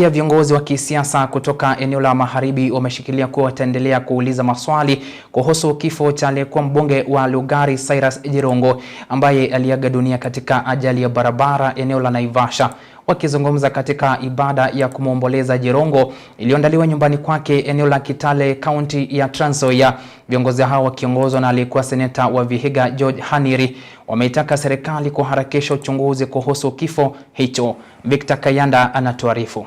Baadhi ya viongozi wa kisiasa kutoka eneo la Magharibi wameshikilia kuwa wataendelea kuuliza maswali kuhusu kifo cha aliyekuwa mbunge wa Lugari Cyrus Jirongo ambaye aliaga dunia katika ajali ya barabara eneo la Naivasha. Wakizungumza katika ibada ya kumwomboleza Jirongo iliyoandaliwa nyumbani kwake eneo la Kitale, kaunti ya Trans Nzoia, viongozi hao wakiongozwa na aliyekuwa seneta wa Vihiga George Haniri wameitaka serikali kuharakisha uchunguzi kuhusu kifo hicho. Victor Kayanda anatuarifu.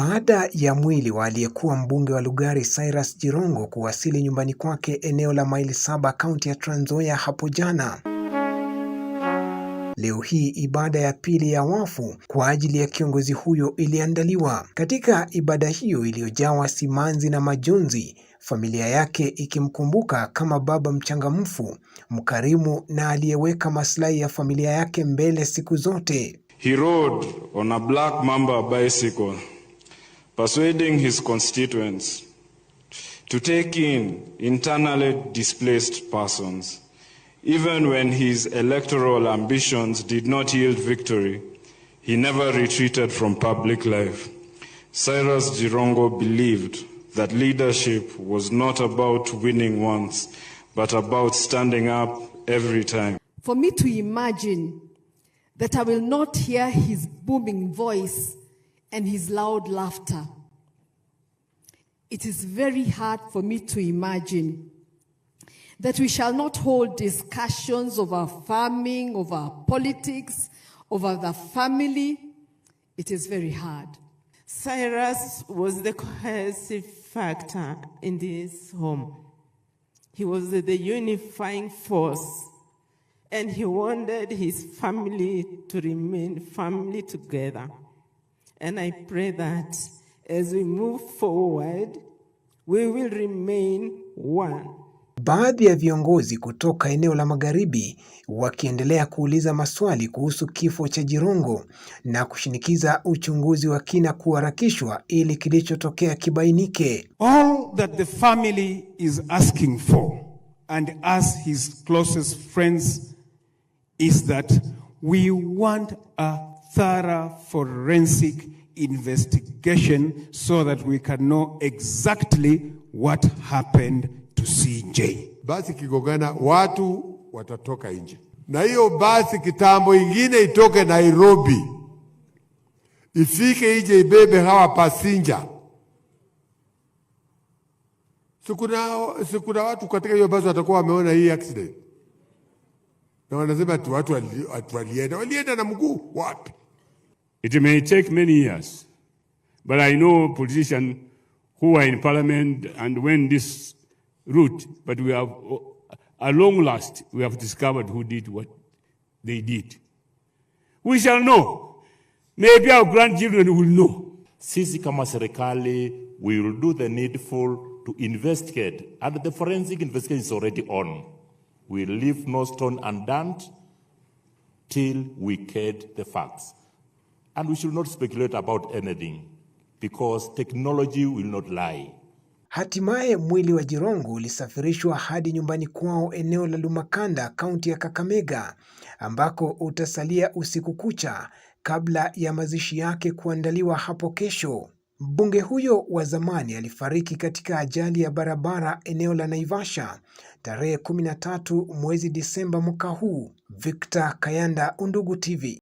Baada ya mwili wa aliyekuwa mbunge wa Lugari Cyrus Jirongo kuwasili nyumbani kwake eneo la maili saba kaunti ya Trans Nzoia hapo jana, leo hii ibada ya pili ya wafu kwa ajili ya kiongozi huyo iliandaliwa. Katika ibada hiyo iliyojawa simanzi na majonzi, familia yake ikimkumbuka kama baba mchangamfu, mkarimu na aliyeweka maslahi ya familia yake mbele siku zote. He rode on a black mamba bicycle. persuading his constituents to take in internally displaced persons, even when his electoral ambitions did not yield victory. He never retreated from public life. Cyrus Girongo believed that leadership was not about winning once, but about standing up every time. For me to imagine that I will not hear his booming voice and his loud laughter. It is very hard for me to imagine that we shall not hold discussions over farming, over politics, over the family. It is very hard. Cyrus was the cohesive factor in this home. He was the unifying force, and he wanted his family to remain family together. And I pray that as we move forward, we will remain one. Baadhi ya viongozi kutoka eneo la Magharibi wakiendelea kuuliza maswali kuhusu kifo cha Jirongo na kushinikiza uchunguzi wa kina kuharakishwa ili kilichotokea kibainike. All that the family is asking for and as his closest friends is that We want a thorough forensic investigation so that we can know exactly what happened to CJ. Basi kigogana, watu watatoka nje, na hiyo basi kitambo ingine itoke Nairobi, ifike ije ibebe hawa pasinja. Sikuna, sikuna watu katika hiyo basi watakuwa wameona hii accident. na wanasema tu watu walienda, walienda na mguu wapi? It may take many years, but I know politicians who are in parliament and went this route, but we have, at long last, we have discovered who did what they did. We shall know. Maybe our grandchildren will know. Sisi kama serikali, we will do the needful to investigate, and the forensic investigation is already on. We leave no stone undone till we get the facts. And we should not speculate about anything because technology will not lie. Hatimaye mwili wa Jirongo ulisafirishwa hadi nyumbani kwao eneo la Lumakanda, kaunti ya Kakamega, ambako utasalia usiku kucha kabla ya mazishi yake kuandaliwa hapo kesho. Mbunge huyo wa zamani alifariki katika ajali ya barabara eneo la Naivasha tarehe 13 mwezi Disemba mwaka huu. Victor Kayanda, Undugu TV.